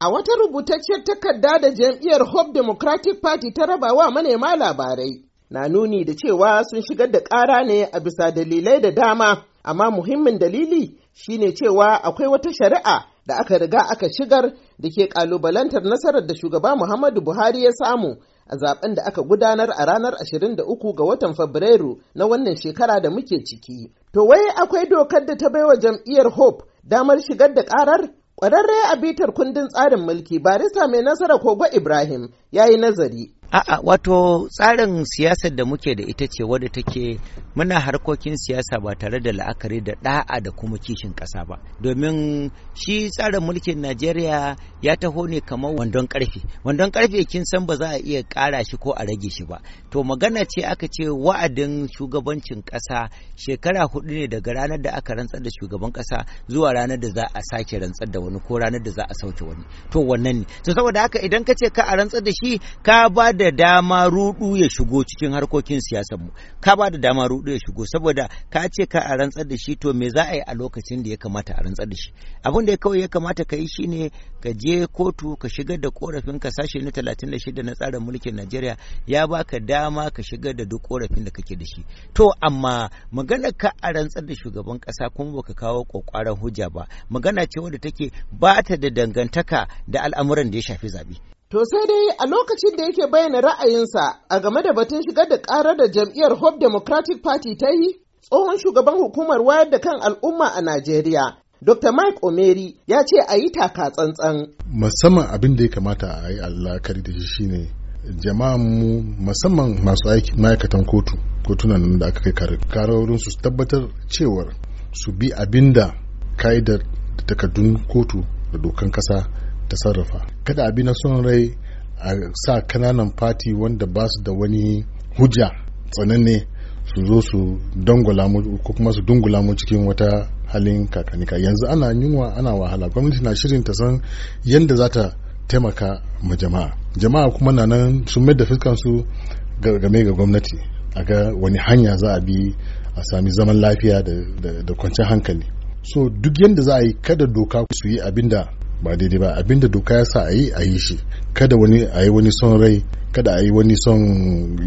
A wata rubutacciyar takarda da jam'iyyar Hope Democratic Party ta raba wa manema labarai, na nuni da cewa sun shigar da ƙara ne a bisa dalilai da dama, amma muhimmin dalili shine cewa akwai wata shari'a da aka riga aka shigar da ke ƙalubalantar nasarar da shugaba Muhammadu Buhari ya samu a zaben da aka gudanar a ranar 23 ga watan Fabrairu na wannan shekara da muke ciki. To wai akwai dokar da ta baiwa jam'iyyar Hope damar shigar da ƙarar? Ƙwararre a bitar kundin tsarin mulki barista mai nasara Kogo Ibrahim ya yi nazari A'a wato tsarin siyasar da muke da ita ce wadda take muna harkokin siyasa ba tare da la'akari da d'a'a da kuma kishin ƙasa ba domin shi tsarin mulkin Najeriya ya taho ne kamar wandon ƙarfe wandon ƙarfe kin san ba za a iya ƙara shi ko a rage shi ba to magana ce aka ce wa'adin shugabancin ƙasa shekara hudu ne daga ranar da aka rantsar da shugaban ƙasa zuwa ranar da za a sake rantsar da wani ko ranar da za a sauke wani to wannan ne to saboda haka idan ka ce ka a rantsar da shi ka ba da dama rudu ya shigo cikin harkokin siyasar mu ka ba da dama rudu ya shigo saboda ka ce ka a rantsar da shi to me za a yi a lokacin da ya kamata a rantsar da shi abin da kawai ya kamata ka yi shine ka je kotu ka shigar da korafin ka sashe na 36 na tsarin mulkin Najeriya ya baka dama ka shigar da duk korafin da kake da shi to amma magana ka a rantsar da shugaban kasa kuma baka kawo kokwaran hujja ba magana ce wadda take ba ta da dangantaka da al'amuran da ya shafi zabe To sai dai a lokacin da yake bayyana ra'ayinsa a game da batun shigar da ƙarar da jam'iyyar Hope Democratic Party ta yi, tsohon shugaban hukumar wayar da kan al'umma a Najeriya, Dr. Mike Omeri ya ce a yi taka tsantsan. Musamman abin da ya kamata a yi alakari da shi shine mu musamman masu aiki ma'aikatan kotu kotunan nan da aka kai karorin su tabbatar cewar su bi abin da ka'idar da takardun kotu da dokan kasa ta sarrafa kada abi na son rai a sa kananan fati wanda ba su da wani hujja tsananne su zo su dangula mu ko kuma su dungula mu cikin wata halin kakanika yanzu ana yunwa ana wahala gwamnati na shirin ta san yadda za ta taimaka ma jama'a jama'a kuma na nan sun mai da su game ga gwamnati a ga wani hanya za a bi a sami zaman lafiya da kwanciyar hankali so duk yadda za a yi kada doka su yi abin da ba daidai ba abinda doka ya sa a yi a yi shi kada wani a yi wani son rai kada a yi wani son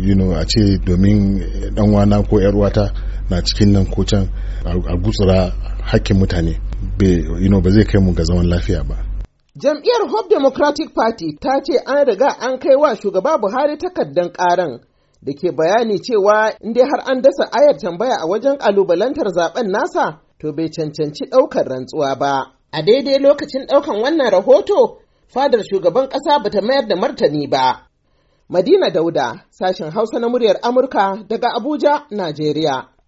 you know a ce domin dan wana ko yar wata na cikin nan ko can a gutsura hakkin mutane ba zai kai mu ga zaman lafiya ba jam'iyyar hope democratic party ta ce an riga an kai wa shugaba buhari takardar karan da ke bayani cewa inda har an dasa ayar tambaya a wajen kalubalantar zaben nasa to bai cancanci ɗaukar rantsuwa ba A daidai lokacin ɗaukan wannan rahoto, fadar shugaban ƙasa ba ta mayar da martani ba. Madina Dauda, sashen Hausa na muryar Amurka daga Abuja, Najeriya.